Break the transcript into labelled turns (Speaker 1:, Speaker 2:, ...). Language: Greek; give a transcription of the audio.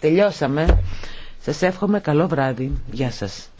Speaker 1: Τελειώσαμε. Σας εύχομαι καλό βράδυ. Γεια σας.